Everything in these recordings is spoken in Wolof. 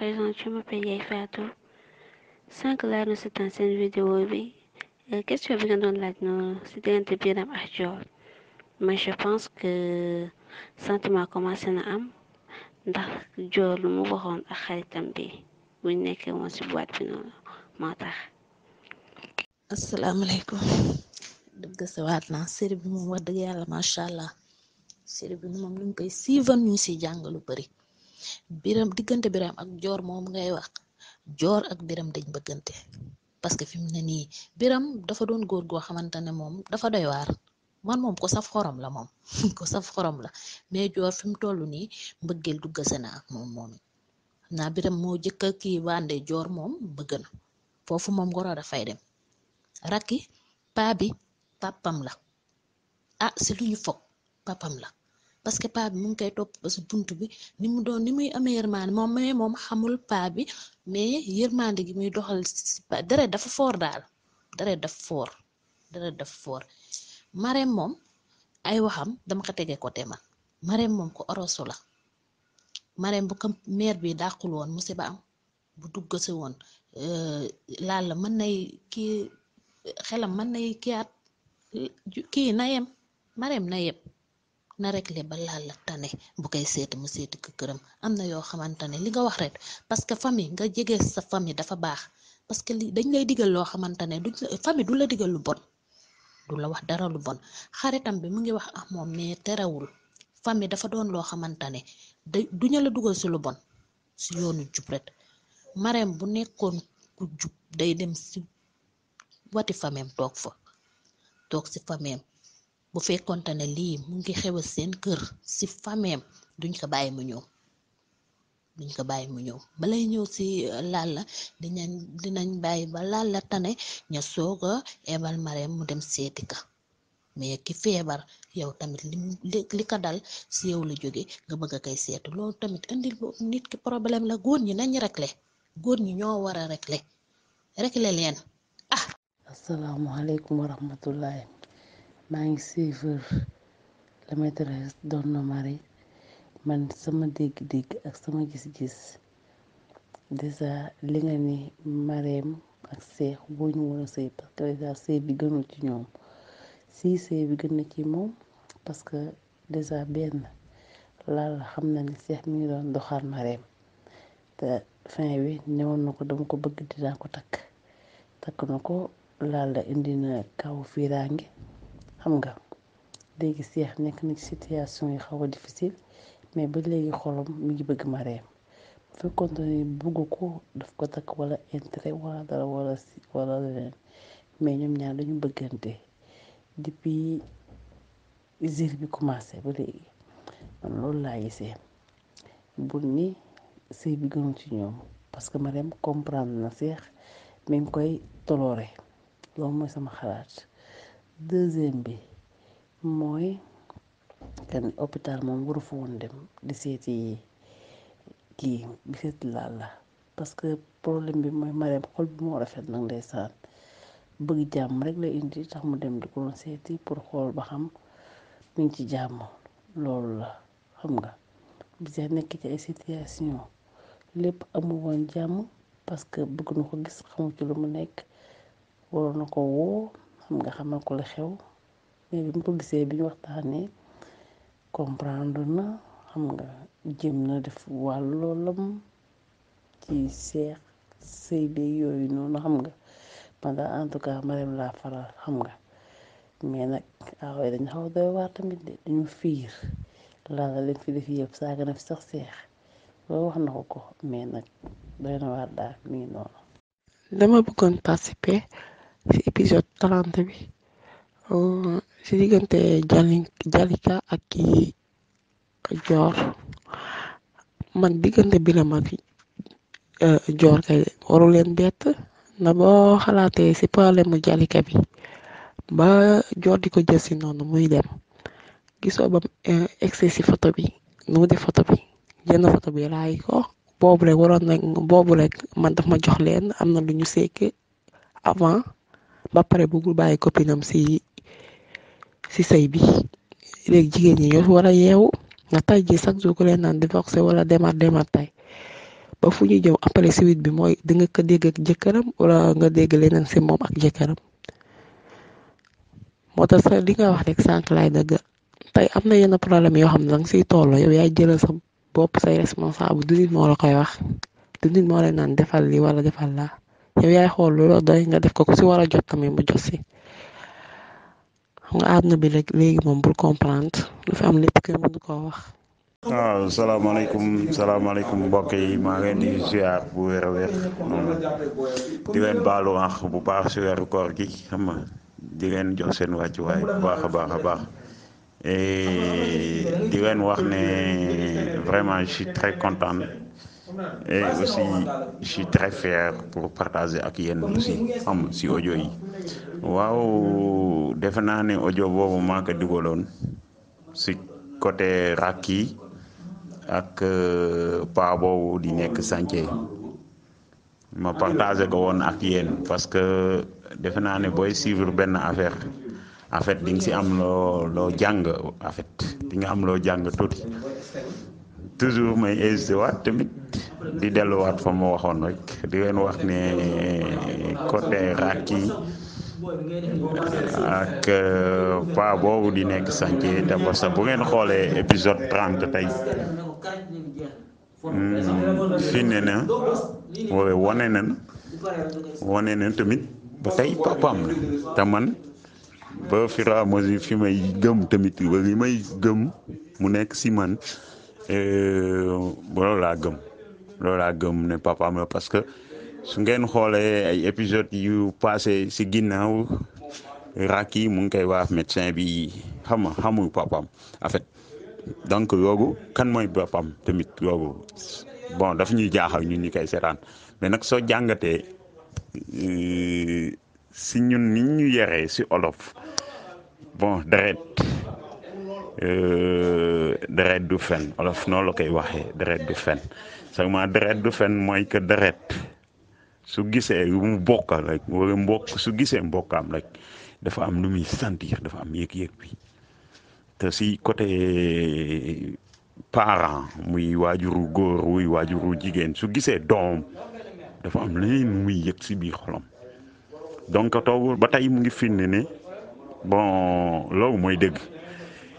présenté, je m'appelle Yael Fatou. Sànqlaa nu seetaan seen vidéo bi question bi nga doon laaj no si diggante Biram ak Dior mais je pense que sentiment commencé na am ndax Dior lu mu waxoon ak xaritam bi buñ nekkee woon si boîte bi noonu moo tax. asalaamaaleykum dëgg sa waat naa série bi moom wax dëgg yàlla macha allah série bi moom luñ koy siivan ñu si jàng lu bari. biram diggante biram ak joor moom ngay wax joor ak biram dañ bëggante parce que fi mu ne nii biram dafa doon góor goo xamante ne moom dafa doy waar man moom ko saf xorom la moom ko saf xorom la mais joor fi mu toll nii mbëggeel duggase na ak moom moom xam naa biram moo jëkk a kii wande joor moom bëgg na foofu moom ngoro dafay dem rakki paa bi la ah si lu ñu foog papam la parce que paa bi mu ngi koy topp ba bunt bi ni mu doon ni muy amee yërmande moom mais moom xamul paa bi mais yërmande gi muy doxal si paa deret dafa foor daal deret daf foor deret daf foor Marème moom ay waxam dama ko tegee côté man Marème moom ko orosu la Marème bu ko maire bi dàqul woon musiba am bu dugg si woon euh, laal la mën nay kii xelam mën nay kii at kii na yem Marème na yem na réglé ba laal la tane bu koy seeti mu seeti ko këram am na yoo xamante ne li nga wax rek parce que famille nga jege sa famille dafa baax parce que li dañ lay digal loo xamante ne du famille du la digal lu bon du la wax dara lu bon xaritam bi mu ngi wax ak moom mais terewul famille dafa doon loo xamante ne duñu la dugal si bon si yoonu jub rek mareem bu nekkoon ku jub day dem si wati famem toog fa toog si famem bu fekkonte ne lii mu ngi xewal seen kër si fameem duñ ko bàyyi mu ñëw duñ ko bàyyi mu ñëw balay ñëw si euh, Lalla dinañ dinañ bàyyi ba Lalla tane ña soog a ebal Marème mu dem seeti ka mais ki feebar yow tamit li li ko dal si yow la jóge nga bëgg a koy seetu loolu tamit indil nit ki problème la góor ñi nañ réglé góor ñi ñoo war a réglé réglé leen ah asalaamaaleykum wa rahmatullahi maa ngi suivre la maîtresse d'un homme marié man sama dégg-dégg ak sama gis-gis déjà li nga ni Marème ak Seex boo ñu war a sëy parce que déjà sëy bi gënul ci ñoom si sëy bi gën na ci moom parce que déjà benn laal xam na ni Seex mi ngi doon doxal Marème te fin wi ñëwoon na ko dama ko bëgg dinaa ko takk takk na ko laal la indi na kaw fiiraange xam nga léegi Cheikh nekk na ci situation yu xaw a difficile mais ba léegi xolam mu ngi bëgg Marème bu fekkoon ne bëgg ko daf ko takk wala intérêt wala dara wala si wala leneen mais ñoom ñaar dañu bëggante depuis zil bi commencé ba léegi man loolu laa gisee bu ni sëy bi gënul ci ñoom parce que Marème comprendre na Cheikh mi ngi koy toloore loolu mooy sama xalaat. deuxième bi mooy que hôpital moom waru fa woon dem di seeti kii di seeti laal la parce que problème bi mooy Marème xol bi moo rafet nag ndeysaan bëgg jàmm rek la indi tax mu dem di ko seeti pour xool ba xam mi ngi ci jàmm loolu la xam nga bisa nekk ci ay situation lépp amul woon jàmm parce que bëgg na ko gis xamu ci lu mu nekk waroon na ko woo xam nga xamal ko la xew mais bi mu ko gisee bi ñu waxtaanee comprendre na xam nga jëm na def wàllu loolam ci seex sëy beeg yooyu noonu xam nga man en tout cas Marème laa faral xam nga mais nag ah waaw dañ xaw a waar tamit de dañu fiir laa la leen fi def yëpp saaga na fi sax seek loolu wax na ko ko mais nag na waar daal mi ngi dama bëggoon participer. si épisode 30 bi euh, si diggante Jali Jalika ak kii Dior man diggante bi la mag Dior euh, kay waru leen bett na boo xalaatee si problème mu Jalika bi ba Dior di ko jël si noonu muy dem gisoo ba excès euh, si photo bi nu mu def photo bi jënd photo bi raay ko boobu rek man daf ma jox leen am na lu ñu sekk avant ba pare bëggul bàyyi copine am si si sëy bi léegi jigéen ñi ñoo war a yeewu nga tay ji chaque jour ku leen naan di divorcé wala demar demaat tay ba fu ñu jëm après suite bi mooy di nga ko dégg ak jëkkëram wala nga dégg leneen si moom ak jëkkëram moo tax sax li nga wax rek sànq laay dëgg tey am na yenn problème yoo xam ne danga siy toll yow jëlal sa bopp say responsable du nit moo la koy wax du nit moo leen naan defal lii wala defal laa yow yaay xool lu la doy nga def ko ku si war a jot tamit mu jot si xam nga àdduna bi rek léegi moom bul comprendre lu fi am lépp kenn mënu koo wax. waaw salaamaaleykum salaamaaleykum mbokk yi maa ngi leen di ziar bu wér a wér di leen baalu àq bu baax si weeru koor gi xam di leen jox seen wàccuwaay bu baax a baax a baax di leen wax ne vraiment je suis très content. et aussi je très fier pour partager ak yéen aussi am si audio yi waaw defe naa ne audio boobu maa ko dugaloon si côté Racky ak euh, pa boobu di nekk chantier ma partager ko woon ak yéen parce que defe naa ne booy suivre benn affaire en fait di nga si am loo loo jàng en fait di nga am loo jàng tuuti toujours may hésité waat di delluwaat fa mu waxoon rek di leen wax ne côté rakk ak euh, pa boobu di nekk chantier te parce bu ngeen xoolee épisode 30 tey mm, fi ne na wala wane na wane na tamit ba tey papaam la te man ba fur et fi may gëm tamit ba li may gëm mu nekk si man euh, loolu laa gëm. loolaa gëm ne papaam la parce que su ngeen xoolee ay épisode yu passé si ginnaaw Racky mu ngi koy wax médecin bi xam nga xamul papaam en fait donc loolu kan mooy papaam tamit loolu bon daf ñuy jaaxal ñun ñi koy seetaan mais nag soo jàngatee euh, si ñun ni ñu yaree si olof bon deret Euh, deret du fen olof noonu la koy waxee deret du fen seulement deret du fen mooy que deret su gisee mu mbokk rek wala mbokk su gisee mbokkaam rek dafa am lu muy sentir dafa am yëg-yëg bi te si côté euh, parent muy waajuru góor wuy waajuru jigéen su gisee doom dafa am leneen muy yëg si biir xolam donc toogul ba tey mu ngi firnde ne bon loolu mooy dëgg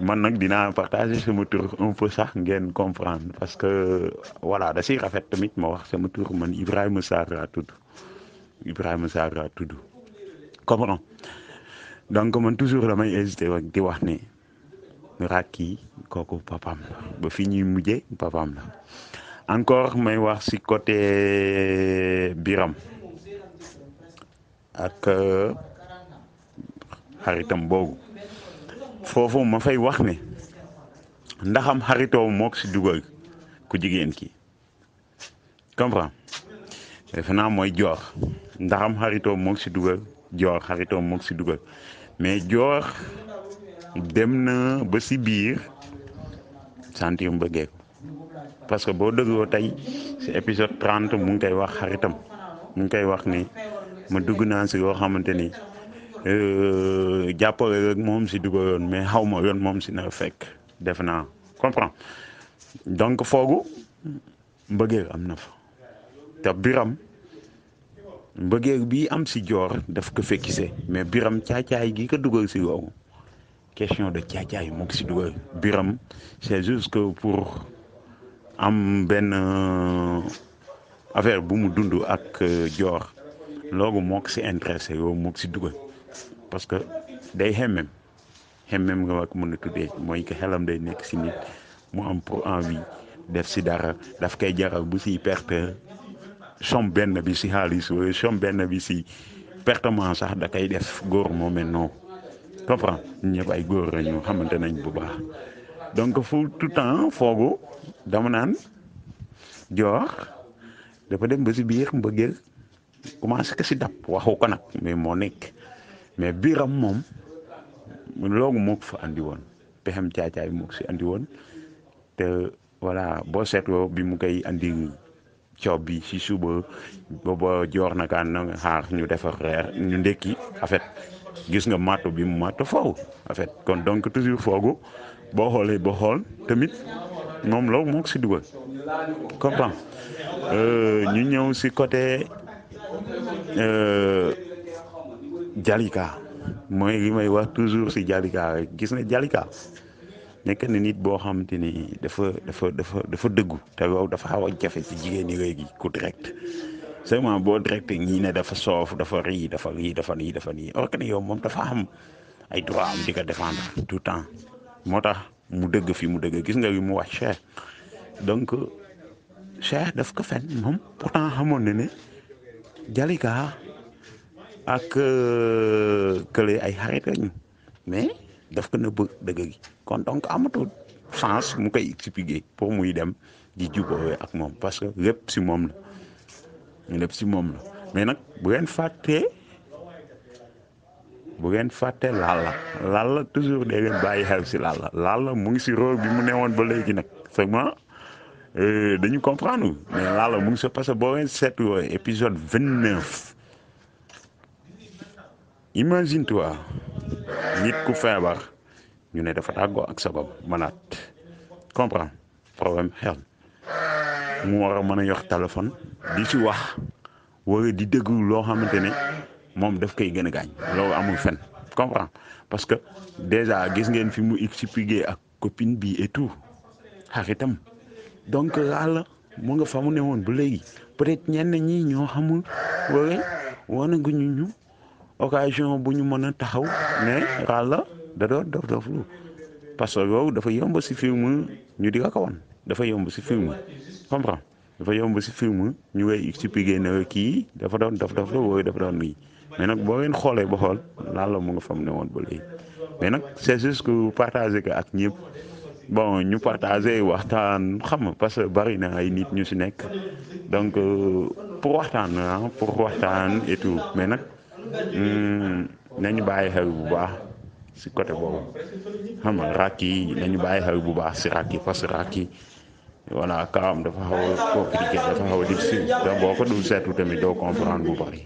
man nag dinaa partager sama tur un peu sax ngeen comprendre parce que voilà da siy rafet tamit ma wax sama tur man Ibrahima Sarr ra tudd Ibrahima Sarr laa tudd comprends donc man toujours may hésité rek di wax ne Racky kooku papam la ba fi ñuy mujjee papam la encore may wax si côté Biram ak euh, xaritam boobu. foofu ma fay wax ne ndaxam xaritoo mook si dugal ku jigéen ki comprend defe naa mooy joor ndaxam xaritoo mook si dugal joor xaritoo mook si dugal mais joor dem na ba si biir sentir mbëggee ko parce que boo dégloo tey si épisode trent mu ngi koy wax xaritam mu ngi koy wax ni ma dugg naa si yoo xamante ni Euh, jàppale rek moom si dugaloon mais xaw ma yoon moom si na fekk def naa comprend donc foogu mbëggeel am na fa te biram mbëggeel bi am si joor daf ko fekkise mais biram caacaay gi ko dugal si loolu question de caacaay moo si dugal biram c'est juste que pour am benn euh, affaire bu mu dund ak euh, joor loolu moo si intéressé yow moo si dugal parce que day xemmem xemmem nga wax mën a tuddee mooy que xelam day nekk si nit mu am pour envie def si dara daf koy jaral bu siy perte som benn bi si xaalis wala somme benn bi si pertement sax da koy def góor moo mel noonu comprend ñëpp ay góor la ñu xamante nañ bu baax donc fu tout temps foogu dama naan joor dafa dem ba si biir mbëggeel commencé ko si dab waxu ko nag mais moo nekk mais biiram moom loogu moo ko fa andi pexem caacaay moo si andi te voilà boo seetloo bi mu kay andi coob bi si suba booba joor na kaan na xaar ñu defar reer ñu ndeki en fait gis nga matto bi mu matto foofu en fait kon donc toujours foogu boo xoolee boo xool tamit moom loolu moo si dugal comprend euh, ñu ñëw si côté. Euh, Jalika mooy li may wax toujours si Jalika rek gis na Jalika nekk na nit boo xamante ni dafa dafa dafa dafa dëggu te loolu dafa xaw a jafe si jigéen ñi léegi ku direct seulement boo direct ñii ne dafa soof dafa rii dafa lii dafa nii dafa nii or que moom dafa am ay droit am di ko défendre tout temps moo tax mu dëgg fi mu dëgg gis nga li mu wax Cheikh donc Cheikh def ko fen moom pourtant xamoon na ne Jalika ak euh, kële ay xarit lañu mais daf ko nëbb dëgg gi kon donc amatul sens mu koy expliquer pour muy dem di jubóowee ak moom parce que lépp si moom la lépp si moom la mais nag bu ngeen fàttee bu ngeen fàtte Lalla Lalla toujours day leen bàyyi xel si Lalla Lalla mu ngi si rôle bi mu newoon ba léegi nag seulement euh, dañu comprendre mais Lalla mu ngi si parce que boo ngeen seetloo épisode vingt neuf imagine toi nit ku feebar ñu ne dafa tàggoo ak sagom malade comprendre problème xel mu war a mën a yor téléphone di ci wax wara di déglu loo xamante ne moom daf koy gën a gaañ loolu amul fen comprendre parce que déjà gis ngeen fi mu expliqué ak copine bi et tout xaritam donc laala mu nga fa mu ne woon bu léegi peut-être ñenn ñi ñoo xamul wala wanaguñu ñu occasion bu ñu mën a taxaw ne Ralla da doon def daf lu parce que loolu dafa yomb si film ñu di ko wan dafa yomb si film comprends dafa yomb si film ñu lay expliquer ne kii dafa doon daf daf lu wooyu dafa doon lii mais nag boo leen xoolee ba xool Lalla mu nga fam ne woon ba léegi mais nag c'est juste que partager ko ak ñëpp bon ñu partager waxtaan xam nga parce que bari na ay nit ñu si nekk donc euh, pour waxtaan ah pour waxtaan et nag Mm, nañu bàyyi xel bu baax si côté boobu xam nga rakk yi nañu bàyyi xel bu baax si rakk yi parce que rakk yi voilà kaam dafa xaw a compliqué dafa xaw a boo ko dul seetu tamit doo comprendre bu bari